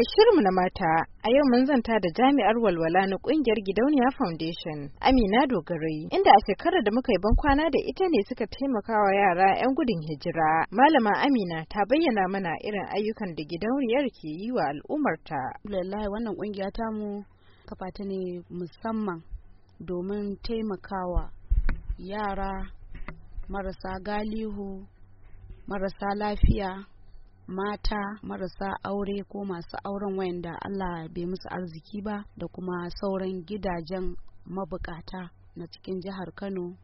A shirinmu na mata, a yau mun zanta da jami'ar walwala na kungiyar Gidauniya Foundation, Amina dogare. inda a shekarar da muka yi bankwana da ita ne suka taimaka wa yara 'yan gudun hijira. Malama Amina ta bayyana mana irin ayyukan da gidauniyar ke yi wa al'ummarta. Lallai wannan kungiya ta mu kafa ta ne musamman domin taimakawa yara marasa galihu, marasa lafiya, mata marasa aure ko masu auren wayanda Allah bai musu arziki ba da kuma sauran gidajen mabukata na cikin jihar Kano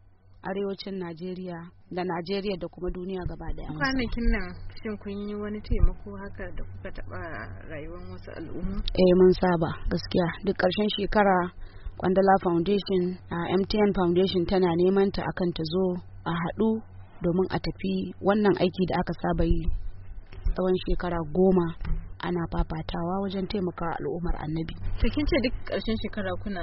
arewacin Najeriya da Najeriya da kuma duniya gaba daya. Kwanakin nan shin kun yi wani taimako haka da kuka taba rayuwar wasu al'umma? Eh mun saba gaskiya duk ƙarshen shekara Kwandala Foundation a MTN Foundation tana neman ta akan ta zo a haɗu domin a tafi wannan aiki da aka saba yi tsawon shekara goma ana fafatawa wajen taimaka al'ummar annabi to ce duk ƙarshen shekara kuna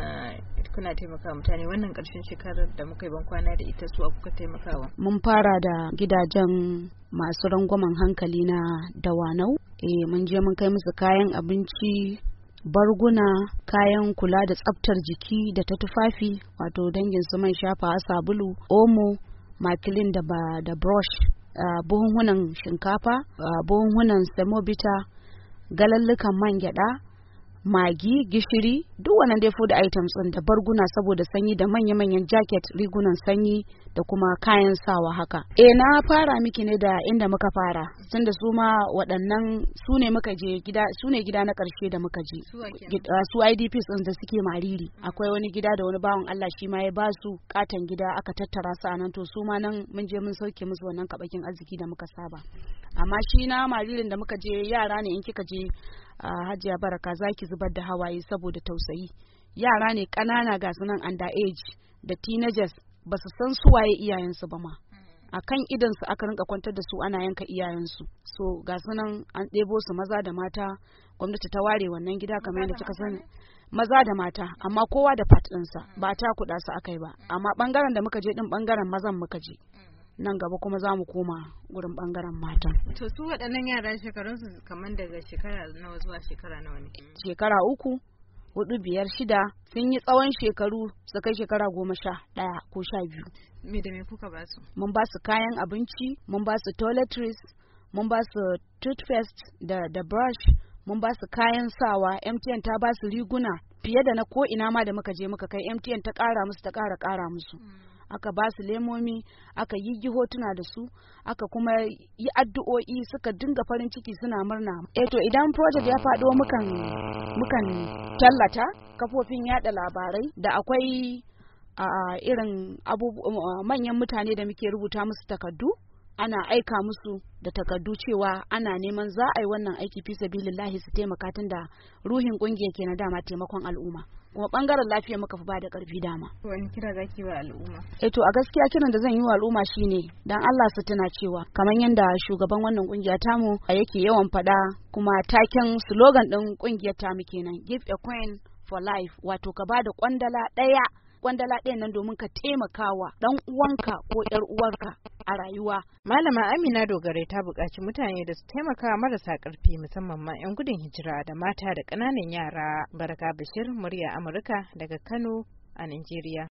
kuna taimaka mutane wannan ƙarshen shekarar da muka yi ban kwana da ita su kuka taimakawa mun fara da gidajen masu rangwamen hankali na dawanau eh mun je mun kai musu kayan abinci barguna kayan kula da tsaftar jiki da ta tufafi wato dangin su man shafa sabulu omo makilin da ba da brush buhunhunan shinkafa buhunhunan semobita galallukan man gyada magi gishiri duk wannan dai food items da barguna saboda sanyi da manya-manyan jacket rigunan sanyi da kuma kayan sawa haka eh na fara miki ne da inda muka fara tunda su ma waɗannan su ne muka je gida su ne gida na ƙarshe da muka je su IDPs ah, din da suke mariri mm. akwai wani gida da wani bawan Allah shi ma ya ba su katon gida aka tattara su a nan to su ma nan mun je mun sauke musu wannan kabakin arziki da muka saba amma shi na maririn da muka je yara ne in kika je hajiya baraka zaki zubar da hawaye saboda tausayi yara ne kanana ga sunan under da teenagers ba su san su waye iyayensu ba ma a kan idansu aka rinka kwantar da su ana yanka iyayensu so ga sunan an ɗebo su maza da mata gwamnati ta ware wannan gida kamar yadda kika sani maza da mata amma kowa da part ɗinsa ba ta kuɗa su yi ba amma ɓangaren da muka je ɗin ɓangaren mazan muka je nan gaba kuma za mu koma gurin bangaren mata. To su waɗannan yara shekarun su kamar daga shekara nawa zuwa shekara nawa ne? Shekara uku, hudu biyar shida sun yi tsawon shekaru su kai shekara goma sha ɗaya ko sha biyu. Me da me kuka ba su? Mun ba su kayan abinci, mun ba su toiletries, mun ba su toothpaste da, da brush, mun ba su kayan sawa, MTN ta ba su riguna fiye da na ko ina ma da muka je muka kai MTN ta ƙara musu ta ƙara ƙara musu. Mm. aka ba su lemomi aka yi hotuna da su aka kuma yi addu'o'i suka dinga farin ciki suna murna eh to idan project ya faɗo mukan mukan tallata kafofin yada labarai da akwai a ah, irin manyan mutane da muke rubuta musu takardu ana aika musu da takardu cewa ana neman za a yi wannan aiki fi sabilillahi su taimaka tun da ruhin kungiya ke na dama taimakon al'umma kuma bangaren lafiya muka fi ba da karfi dama wani kira za ki wa al'umma Eto eh to a gaskiya kiran da zan yi wa al'umma shine dan Allah su tuna cewa kamar yadda shugaban wannan kungiya tamu yake yawan fada kuma taken slogan din kungiyar tamu kenan give a coin for life wato ka bada kwandala daya kwandala ɗaya nan domin ka taimakawa ɗan uwanka ko yar uwarka a rayuwa. Malama Amina Dogare ta buƙaci mutane da su taimaka marasa ƙarfi musamman ma 'yan gudun hijira da mata da ƙananan yara. Baraka Bashir, murya Amurka daga Kano a Najeriya.